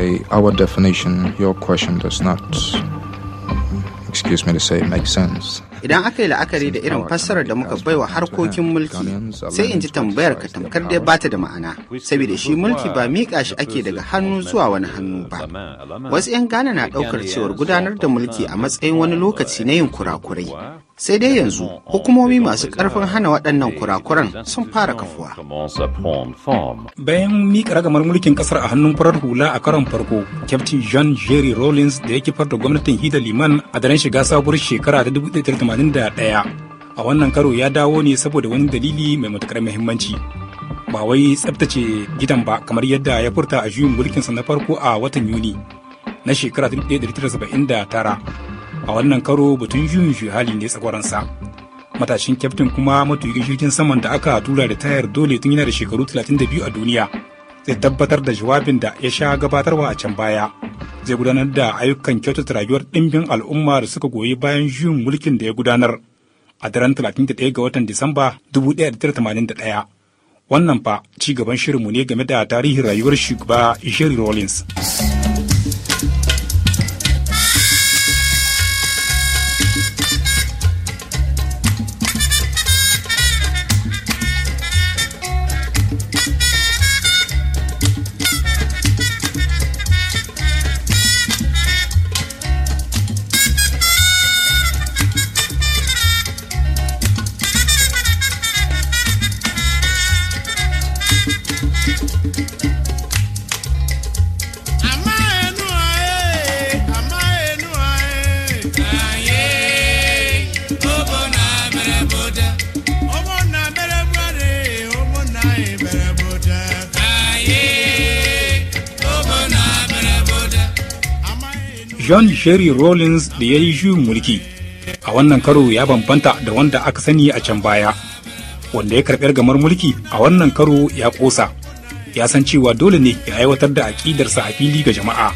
by our definition, your question does not, excuse me to say, make sense. Idan aka yi la'akari da irin fassarar da muka baiwa harkokin mulki sai in ji tambayar ka tamkar dai bata da ma'ana, saboda shi mulki ba miƙa shi ake daga hannu zuwa wani hannu ba. Wasu 'yan Ghana na ɗaukar cewar gudanar da mulki a matsayin wani lokaci na yin kurakurai, sai dai yanzu hukumomi masu karfin hana waɗannan kurakuran sun fara kafuwa. Bayan miƙa ragamar mulkin ƙasar a hannun farar hula a karon farko, Kyaftin john Jerry Rawlings da ya kifar da gwamnatin Hida Liman a daren shiga sabuwar shekara ta 1981. A wannan karo ya dawo ne saboda wani dalili mai matuƙar muhimmanci. Ba wai tsabtace gidan ba kamar yadda ya furta a juyin mulkinsa na farko a watan Yuni na shekara 1979. a wannan karo batun juyin hali ne tsakwaransa matashin kyaftin kuma matuƙin jirgin saman da aka tura da tayar dole tun yana da shekaru 32 a duniya zai tabbatar da jawabin da ya sha gabatarwa a can baya zai gudanar da ayyukan kyautata rayuwar ɗimbin al'umma da suka goyi bayan juyin mulkin da ya gudanar a daren 31 ga watan Disamba 1981. Wannan fa ci gaban shirinmu ne game da tarihin rayuwar shugaba Sherry Rollins. john sherry rawlings da ya yi juyin mulki a wannan karo ya bambanta da wanda aka sani a can baya wanda ya karɓi gamar mulki a wannan karo ya ƙosa ya san cewa dole ne ya aiwatar da aƙidarsa a fili ga jama'a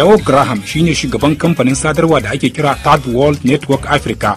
yawo graham ne shugaban kamfanin sadarwa da ake kira third world network africa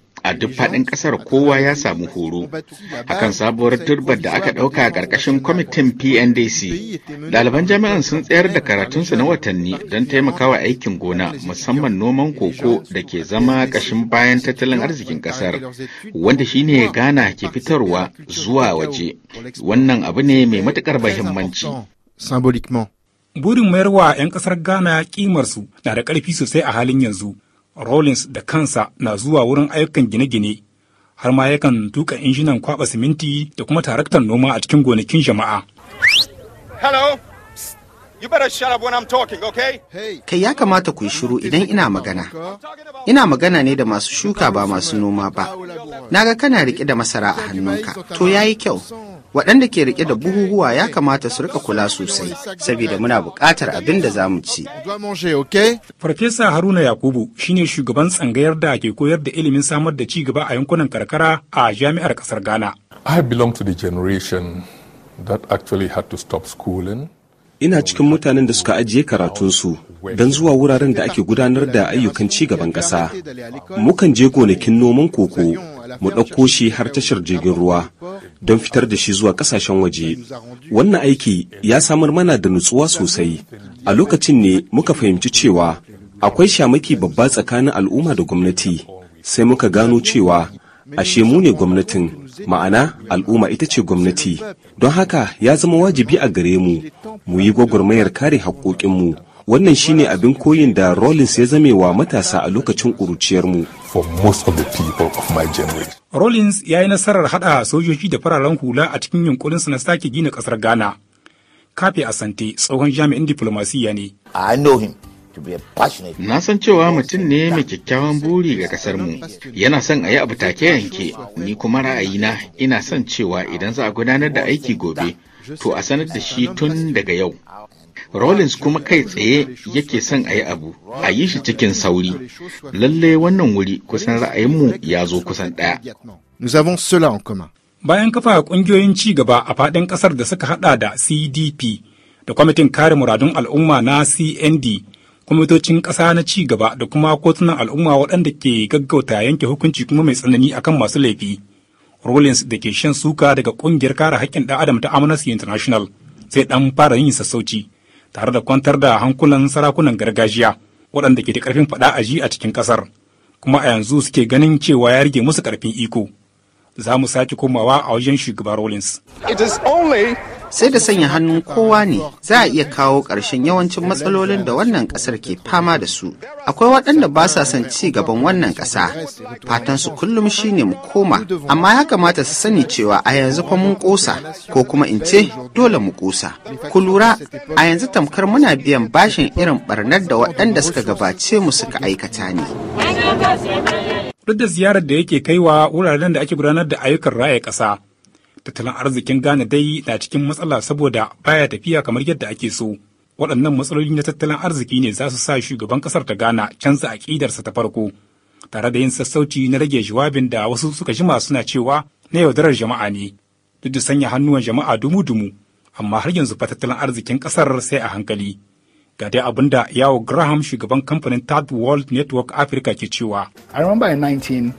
a duk faɗin ƙasar kowa ya samu horo akan sabuwar turbar da aka ɗauka a ƙarƙashin kwamitin pndc ɗaliban jami'an sun tsayar da karatunsu na watanni don taimakawa aikin gona musamman noman koko da ke zama ƙashin bayan tattalin arzikin ƙasar wanda shine gana ke fitarwa zuwa waje wannan abu ne mai matuƙar muhimmanci burin mayarwa 'yan ƙasar ghana kimarsu na da ƙarfi sosai a halin yanzu Rawlings da kansa na zuwa wurin ayyukan gine-gine har ma yakan tuka injinan kwaba siminti da kuma taraktar noma a cikin gonakin jama'a. Hello. You better shut up when I'm talking, okay? Kai ya kamata ku yi shiru idan ina magana. Ina magana ne da masu shuka ba masu noma ba. na ga kana riƙe da masara a hannunka. To ya yi kyau. waɗanda ke rike da buhuhuwa ya kamata su rika kula sosai saboda muna buƙatar abin da za mu ci. Farfesa Haruna Yakubu shine shugaban tsangayar da ke koyar da ilimin samar da ci gaba a yankunan karkara a jami'ar ƙasar Ghana. I belong to the generation that actually had to stop schooling. ina cikin mutanen da suka ajiye karatunsu don zuwa wuraren da ake gudanar da ayyukan cigaban ƙasa. Mukan je gonakin noman koko, mu ɗauko shi har tashar jirgin ruwa, don fitar da shi zuwa kasashen waje wannan aiki ya samar mana da nutsuwa sosai a lokacin ne muka fahimci cewa akwai shamaki babba tsakanin al'umma da gwamnati sai muka gano cewa ashe mu ne gwamnatin ma'ana al'umma ita ce gwamnati don haka ya zama wajibi a gare mu mu yi gwagwarmayar kare haƙoƙinmu Wannan shine abin koyin da Rollins ya zame wa matasa a lokacin ƙuruciyarmu. Rollins ya yi nasarar haɗa sojoji da fararen hula a cikin yunƙurinsa na sake gina ƙasar Ghana. Kafe Asante tsohon jami'in diflomasiyya ne. Na san cewa mutum ne mai kyakkyawan buri ga ƙasarmu, yana son a yi abu take yanke, ni kuma ra'ayina ina son cewa idan za a gudanar da aiki gobe, to a sanar da shi tun daga yau. Rollins kuma kai tsaye yake son a yi abu, a yi shi cikin sauri. Lalle wannan wuri kusan ra'ayinmu ya zo kusan ɗaya. Bayan kafa ƙungiyoyin ci gaba a faɗin ƙasar da suka haɗa da CDP da Kwamitin Kare Muradun Al'umma na CND, kwamitocin ƙasa na ci gaba da kuma kotunan al'umma waɗanda ke gaggauta yanke hukunci kuma mai tsanani akan masu laifi. Rollins da ke shan suka daga ƙungiyar kare haƙƙin ɗan adam ta Amnesty International sai ɗan fara yin sassauci. tare da kwantar da hankulan sarakunan gargajiya waɗanda ke da ƙarfin faɗa a ji a cikin ƙasar kuma a yanzu suke ganin cewa ya rage musu ƙarfin iko za mu sake komawa a wajen shugaba Rawlings. It is only sai da sanya hannun kowa ne za a iya kawo ƙarshen yawancin matsalolin da wannan ƙasar ke fama da su akwai waɗanda ba sa son ci gaban wannan ƙasa fatan su kullum shine mu koma amma ya kamata su sani cewa a yanzu fa mun ƙosa ko kuma in ce dole mu ƙosa ku lura a yanzu tamkar muna biyan bashin irin barnar da waɗanda suka gabace mu suka aikata ne duk da ziyarar da yake kaiwa wuraren da ake gudanar da ayyukan raya ƙasa tattalin arzikin Ghana dai na cikin matsala saboda baya tafiya kamar yadda ake so. Waɗannan matsaloli na tattalin arziki ne za su sa shugaban ƙasar ta Ghana canza aƙidarsa ta farko, tare da yin sassauci na rage jawabin da wasu suka jima suna cewa na yaudarar jama'a ne, duk da sanya hannuwan jama'a dumu-dumu, amma har yanzu fa tattalin arzikin ƙasar sai a hankali. Ga dai abin da yawo Graham shugaban kamfanin Third World Network Africa ke cewa. I remember in 19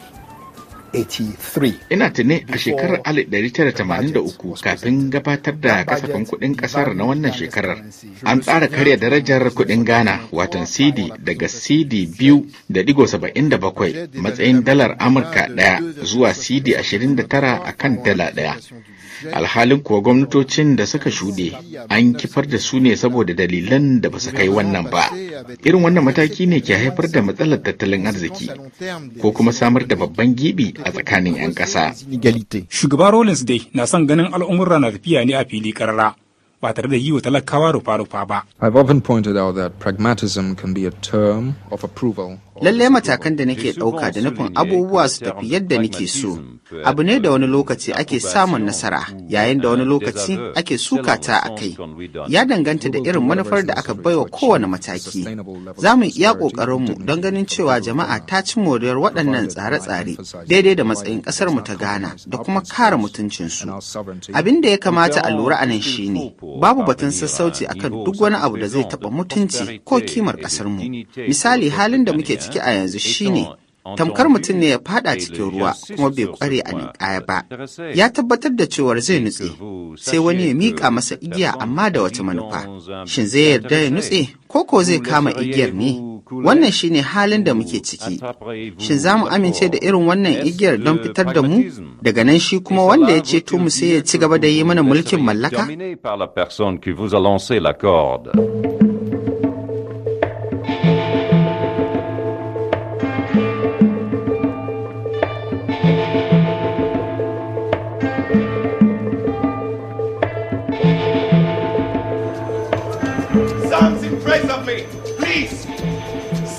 1983. Ina tuni a shekarar 1983 kafin gabatar da kasafin kuɗin ƙasar na wannan shekarar. An tsara karya darajar kuɗin Ghana watan CD daga CD biyu da matsayin dalar Amurka ɗaya zuwa CD ashirin da a kan dala ɗaya. Alhalin kuwa gwamnatocin da suka shuɗe an kifar da su ne saboda dalilan da ba su kai wannan ba. Irin wannan mataki ne ke haifar da matsalar tattalin arziki ko kuma samar da babban gibi a tsakanin 'yan ƙasa. Shugaba Rollins dai na son ganin al'umura na tafiya ne a fili karara ba tare da yi wa talakawa rufa-rufa ba. I've often pointed out that pragmatism can be a term of approval. Lallai matakan da nake ɗauka da nufin abubuwa su tafi yadda nake so. Abu ne da wani lokaci ake samun nasara, yayin da wani lokaci ake suka ta a kai. Ya danganta da irin manufar da aka baiwa kowane mataki. Za mu iya ƙoƙarinmu don ganin cewa jama'a ta ci moriyar waɗannan tsare-tsare daidai da matsayin ƙasar mu ta gana da kuma kare mutuncinsu. Abin da ya kamata a lura a nan shine babu batun sassauci akan duk wani abu da zai taɓa mutunci ko kimar ƙasarmu. Misali halin da muke ciki a yanzu shine tamkar mutum ne ya fada cikin ruwa kuma bai kware a ninkaya ba ya tabbatar da cewar zai nutse sai wani ya miƙa masa igiya amma da wata manufa shin zai yarda ya nutse ko ko zai kama igiyar ne Wannan shi ne halin da muke ciki. Shin za mu amince da irin wannan igiyar don fitar da mu? Daga nan shi kuma wanda ya to mu sai ya ci gaba da yi mana mulkin mallaka? please.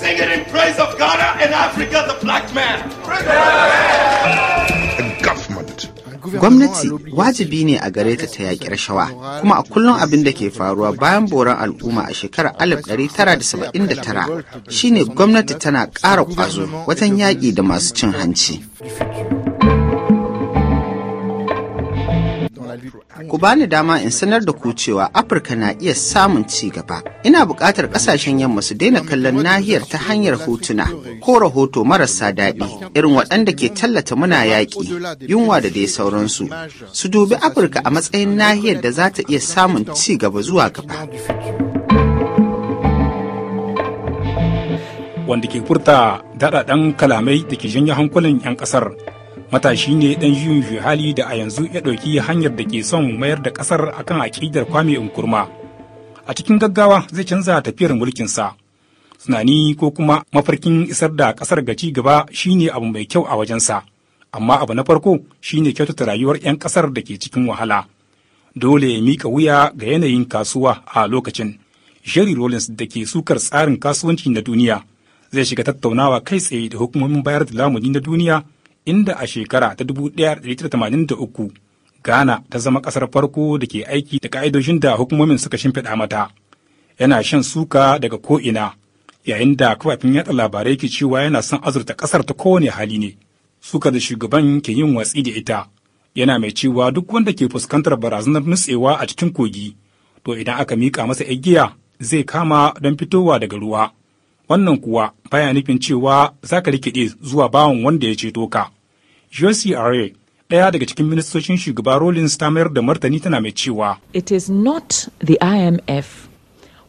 Sing in praise of Ghana and Africa, the black man. Gwamnati wajibi ne a gare ta ta yaƙi rashawa, kuma a kullum abin da ke faruwa bayan boran al'umma a shekarar 1979 shine gwamnati tana ƙara ƙwazo wajen yaƙi da masu cin hanci. Ku bani dama in sanar da ku cewa Afirka na iya samun ci gaba. Ina bukatar kasashen yamma su daina kallon nahiyar ta hanyar hotuna ko rahoto marasa daɗi irin waɗanda ke tallata muna yaƙi, yunwa da dai sauransu. Su dubi Afirka a matsayin nahiyar da za ta iya samun ci gaba zuwa gaba. Wanda ke furta daɗaɗɗen kalamai da ke janye hankulan 'yan ƙasar matashi ne dan juyin hali da a yanzu ya ɗauki hanyar da ke son mayar da ƙasar akan aƙidar kwame unkurma. a cikin gaggawa zai canza tafiyar mulkinsa tunani ko kuma mafarkin isar da ƙasar ga ci gaba shine abu mai kyau a wajensa amma abu na farko shine kyautata rayuwar 'yan ƙasar da ke cikin wahala dole ya mika wuya ga yanayin kasuwa a lokacin Jerry Rollins da ke sukar tsarin kasuwanci na duniya zai shiga tattaunawa kai tsaye da hukumomin bayar da lamuni na duniya inda a shekara ta 1983 Ghana ta zama ƙasar farko da ke aiki da ka'idojin da hukumomin suka shimfiɗa mata. Yana shan suka daga ko'ina, yayin da kafafin yatsa labarai ke cewa yana son azurta ƙasar ta kowane hali ne. Suka da shugaban ke yin watsi da ita, yana mai cewa duk wanda ke fuskantar barazanar nutsewa a cikin kogi, to idan aka mika masa igiya zai kama don fitowa daga ruwa. wannan kuwa baya nufin cewa za ka rikide zuwa bawan wanda ya ceto ka. Josie Are, ɗaya daga cikin ministocin shugaba Rollins ta mayar da martani tana mai cewa. It is not the IMF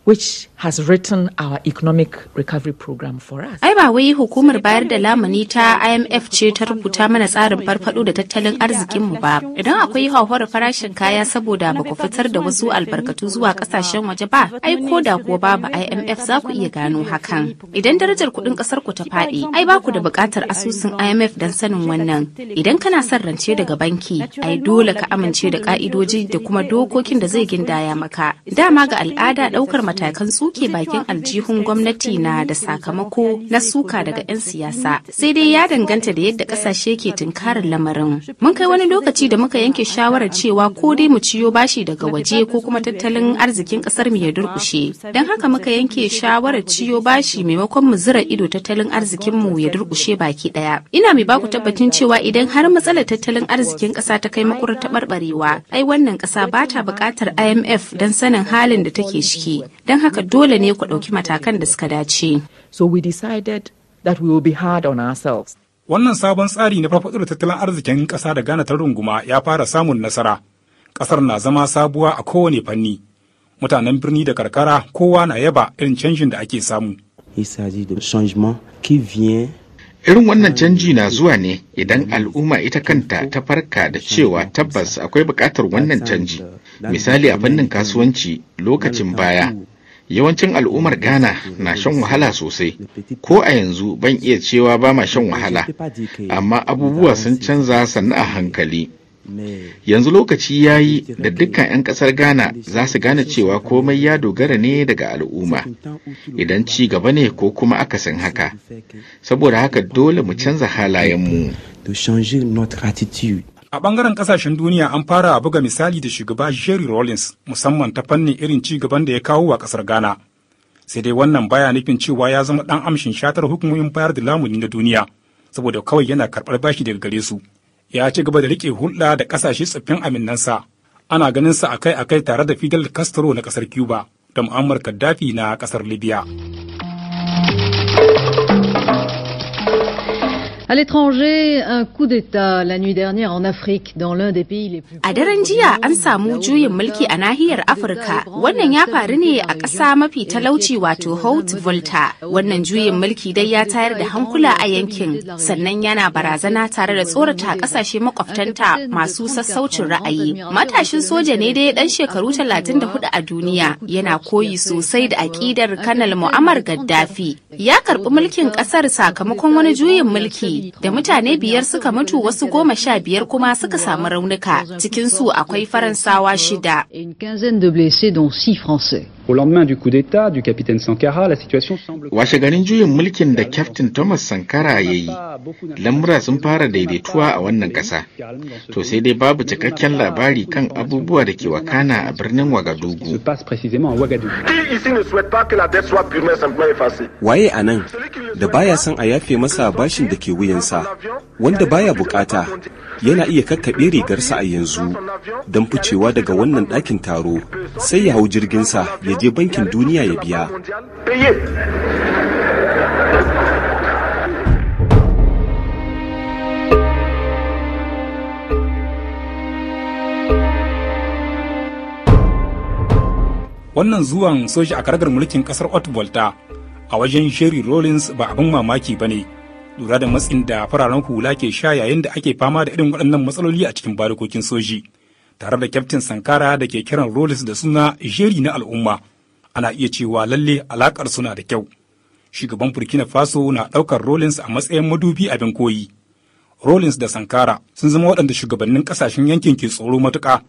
which has written our economic recovery program for us. Ai ba wai hukumar bayar da lamuni ta IMF ce ta rubuta mana tsarin farfado da tattalin arzikin mu ba. Idan akwai hauhawar farashin kaya saboda ba ku fitar da wasu albarkatu zuwa kasashen waje ba, ai ko da kuwa babu IMF za ku iya gano hakan. Idan darajar kuɗin ƙasar ku ta faɗi, ai ba ku da buƙatar asusun IMF don sanin wannan. Idan kana son rance daga banki, ai dole ka amince da ka'idoji da kuma dokokin da zai gindaya maka. Dama ga al'ada ɗaukar matakan suke bakin aljihun gwamnati na da sakamako na suka daga 'yan siyasa sai dai ya danganta da yadda kasashe ke tunkarar lamarin mun kai wani lokaci da muka yanke shawarar cewa ko dai mu ciyo bashi daga waje ko kuma tattalin arzikin kasar mu ya durkushe don haka muka yanke shawarar ciyo bashi maimakon mu zira ido tattalin arzikin mu ya durkushe baki daya ina mai baku tabbacin cewa idan har matsalar tattalin arzikin kasa ta kai makurta taɓarɓarewa ai wannan kasa ba ta buƙatar imf don sanin halin da take ciki don haka dole ne ku ɗauki matakan da suka dace. So we decided that we will be hard on ourselves. Wannan sabon tsari na farfaɗar tattalin arzikin ƙasa da gane ta runguma ya fara samun nasara. Ƙasar na zama sabuwa a kowane fanni. Mutanen birni da karkara kowa na yaba irin canjin da ake samu. Irin wannan canji na zuwa ne idan al'umma ita kanta ta farka da cewa tabbas akwai buƙatar wannan canji. Misali a fannin kasuwanci lokacin baya yawancin al'ummar ghana na shan wahala sosai ko a yanzu ban iya cewa ba ma shan wahala amma abubuwa sun canza sannu a hankali yanzu lokaci ya yi da dukkan 'yan kasar ghana za su gane cewa komai ya dogara ne daga al'umma idan ci gaba ne ko kuma akasin haka saboda haka dole mu canza halayenmu A ɓangaren ƙasashen duniya an fara buga misali da shugaba Jerry Rawlings musamman ta fannin irin ci gaban da ya kawo wa ƙasar Ghana. Sai dai wannan baya nufin cewa ya zama ɗan amshin shatar hukumomin bayar da lamuni na duniya saboda kawai yana karɓar bashi daga gare su. Ya ci gaba da riƙe hulɗa da ƙasashe tsoffin aminansa. Ana ganin sa akai-akai tare da Fidel Castro na ƙasar Cuba da Muammar Gaddafi na ƙasar Libya. À l'étranger, un coup d'État la nuit dernière en Afrique, dans l'un des pays les plus. A daren jiya an samu juyin mulki a nahiyar Afirka. Wannan ya faru ne a ƙasa mafi talauci wato Haute Volta. Wannan juyin mulki dai ya tayar da hankula a yankin, sannan yana barazana tare da tsorata ƙasashe makwabtanta masu sassaucin ra'ayi. Matashin soja ne dai ɗan shekaru 34 a duniya, yana koyi sosai da aƙidar Kanal mu'amar Gaddafi. Ya karɓi mulkin ƙasar sakamakon wani juyin mulki da mutane biyar suka mutu wasu goma sha biyar kuma suka samu raunuka cikinsu akwai faransawa shida. Au lendemain du coup d'État du capitaine Sankara, la situation semble... Washe garin juyin mulkin da Captain Thomas Sankara ya yi, lamura sun fara daidaituwa a wannan ƙasa. To sai dai babu cikakken labari kan abubuwa da ke wakana a birnin Wagadugu. Waye a nan da baya san a yafe masa bashin da ke wuyansa, wanda baya bukata yana iya kakkaɓe rigarsa a yanzu don ficewa daga wannan ɗakin taro sai ya hau jirginsa ya je bankin duniya ya biya wannan zuwan soji a karagar mulkin kasar otvolta a wajen sherry rollins ba abin mamaki ba ne lura da matsin da fararen hula ke sha yayin da ake fama da irin waɗannan matsaloli a cikin barikokin soji tare da kyaftin sankara da ke kiran rolis da suna jeri na al'umma ana iya cewa lalle alakar suna da kyau shugaban burkina faso na ɗaukar rolins a matsayin madubi abin koyi rolins da sankara sun zama waɗanda shugabannin ƙasashen yankin ke tsoro matuƙa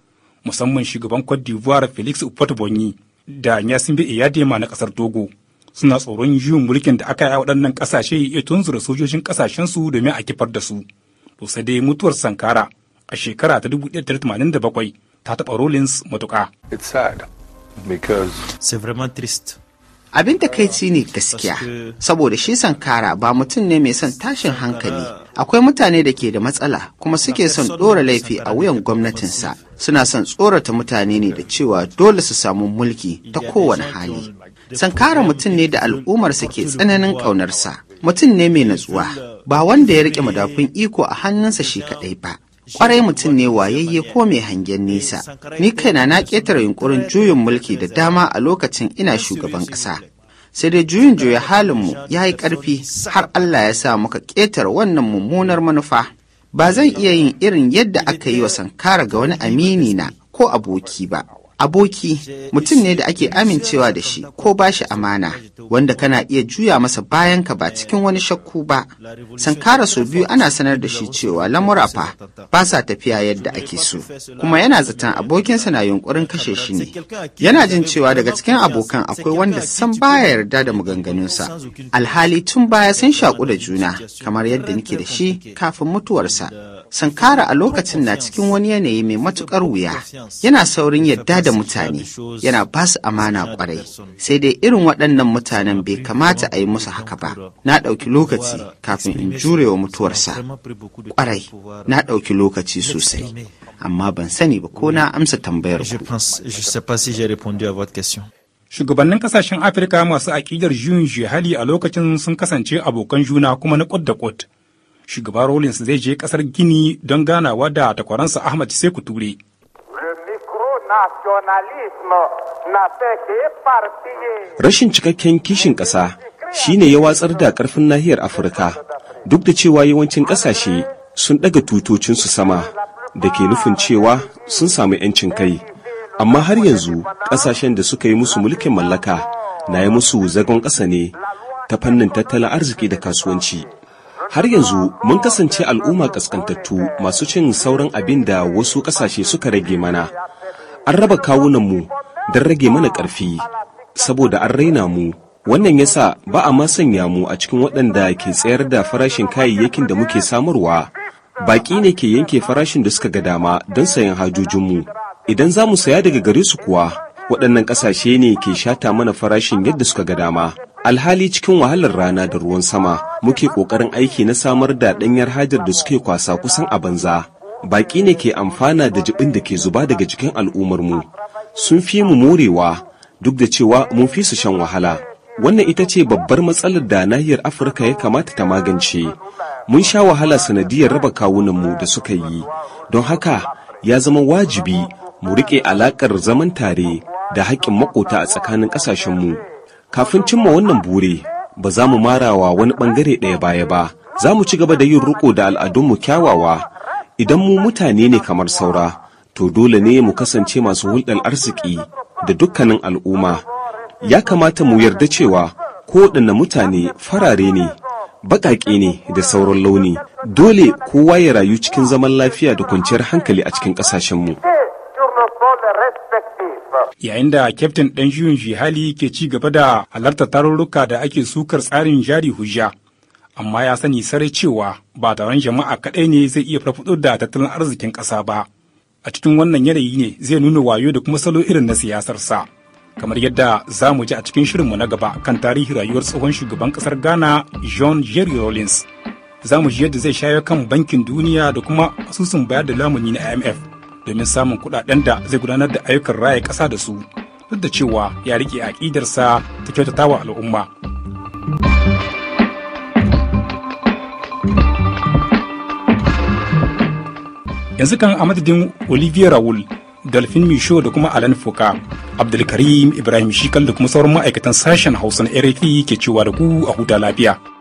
musamman shugaban cote d'ivoire felix bonyi da bi iyadema na ƙasar togo suna tsoron juyin mulkin da aka yi a waɗannan ƙasashe ya tunzura sojojin ƙasashensu domin a kifar da su to sai dai mutuwar sankara a shekara ta 1987 ta taɓa Rollins matuƙa. Abin takaici ne gaskiya, saboda shi Sankara ba mutum ne mai son tashin hankali. Akwai mutane da ke da matsala kuma suke son ɗora laifi a wuyan gwamnatinsa. Suna son tsorata mutane ne da cewa dole su samu mulki ta kowane hali. Sankara mutum ne da al'ummarsa ke tsananin ƙaunarsa. Mutum ne mai natsuwa, ba wanda ya rike madafun iko a hannunsa shi kaɗai ba. Kwarai mutum ne wayayye ko mai hangen nisa. Ni kaina na ƙetare yunkurin juyin mulki da dama a lokacin ina shugaban ƙasa. Sai dai juyin juya halinmu ya yi ƙarfi har Allah ya sa muka ƙetare wannan mummunar manufa. Ba zan iya yin irin yadda aka yi wa sankara ga wani amini na ko aboki ba. aboki mutum ne da ake amincewa da shi ko ba shi amana wanda kana iya juya masa bayan ka ba cikin wani shakku ba sankara sau biyu ana sanar da shi cewa lamura fa ba sa tafiya yadda ake so kuma yana zaton abokinsa na yunkurin kashe shi ne yana jin cewa daga cikin abokan akwai wanda san baya yarda da maganganunsa alhali tun baya sun shaku da juna kamar yadda nake da shi kafin mutuwarsa Sankara a lokacin na cikin wani yanayi mai matukar wuya, yana saurin yadda da mutane, yana ba su amana kwarai, sai dai irin waɗannan mutanen bai kamata a yi musu haka ba. Na ɗauki lokaci kafin in jure wa mutuwarsa. Kwarai, na ɗauki lokaci sosai, amma ban sani ba ko na amsa tambayar Shugabannin kasashen Afirka masu aƙidar juyin hali a lokacin sun kasance abokan juna kuma na ƙud da ƙud. shugaba Rawlings zai je kasar Gini don ganawa da takwaransa Ahmad seku ture. Rashin cikakken kishin ƙasa shi ne ya watsar da ƙarfin nahiyar Afirka duk da cewa yawancin ƙasashe sun ɗaga tutocinsu sama da ke nufin cewa sun samu 'yancin kai. Amma har yanzu ƙasashen da suka yi musu mulkin mallaka na yi musu zagon ƙasa ne ta fannin tattalin arziki da kasuwanci. Har yanzu mun kasance al'umma kaskantattu masu cin sauran abin da wasu ƙasashe suka rage mana. An raba kawunanmu don rage mana ƙarfi, saboda an raina mu. Wannan yasa sa ba a ma sanya mu a cikin waɗanda ke tsayar da farashin kayayyakin da muke samarwa. Baƙi ne ke yanke farashin da suka ga dama don sayan hajojinmu. Idan za mu saya daga gare su kuwa, waɗannan ƙasashe ne ke shata mana farashin yadda suka ga dama alhali cikin wahalar rana da ruwan sama muke ƙoƙarin aiki na samar da ɗanyar hajar da suke kwasa kusan a banza baƙi ne ke amfana da jibin da ke zuba daga jikin al'ummarmu sun fi mu morewa duk da cewa mun fi su shan wahala wannan ita ce babbar matsalar da nahiyar afirka ya kamata ta magance mun sha wahala sanadiyar raba kawunanmu da suka yi don haka ya zama wajibi mu riƙe alaƙar zaman tare da haƙƙin maƙota a tsakanin ƙasashenmu. Kafin cimma wannan bure, ba za mu marawa wani bangare ɗaya baya ba, za mu ci gaba da yin riko da al'adunmu kyawawa. Idan mu mutane ne kamar saura, to dole ne mu kasance masu hulɗar arziki da dukkanin al'umma. Ya kamata mu yarda cewa kowaɗanne mutane farare ne, baƙaƙe ne da sauran launi. Dole kowa ya rayu cikin zaman lafiya da kwanciyar hankali a cikin ƙasashenmu. Yayin da kyaftin ɗan Shiyun jihali ke ci gaba da halartar tarurruka da ake sukar tsarin jari hujja, amma ya sani sarai cewa ba taron jama'a kaɗai ne zai iya farfaɗo da tattalin arzikin ƙasa ba. A cikin wannan yanayi ne zai nuna wayo da kuma salo irin na siyasarsa. Kamar yadda za mu ji a cikin shirinmu na gaba kan tarihi rayuwar tsohon shugaban ƙasar Ghana John Jerry Rawlings. Za mu ji yadda zai shayo kan bankin duniya da kuma asusun bayar da lamuni na IMF. domin samun kudaden da zai gudanar da ayyukan raya kasa da su duk da cewa ya riƙe aƙidarsa ta kyautata wa al'umma. Yanzu kan a madadin Olivier raul Dolphin Misho da kuma Alan Foka, Abdulkarim Ibrahim Shikal da kuma sauran ma'aikatan sashen Hausa na RFI ke cewa da ku a huta lafiya.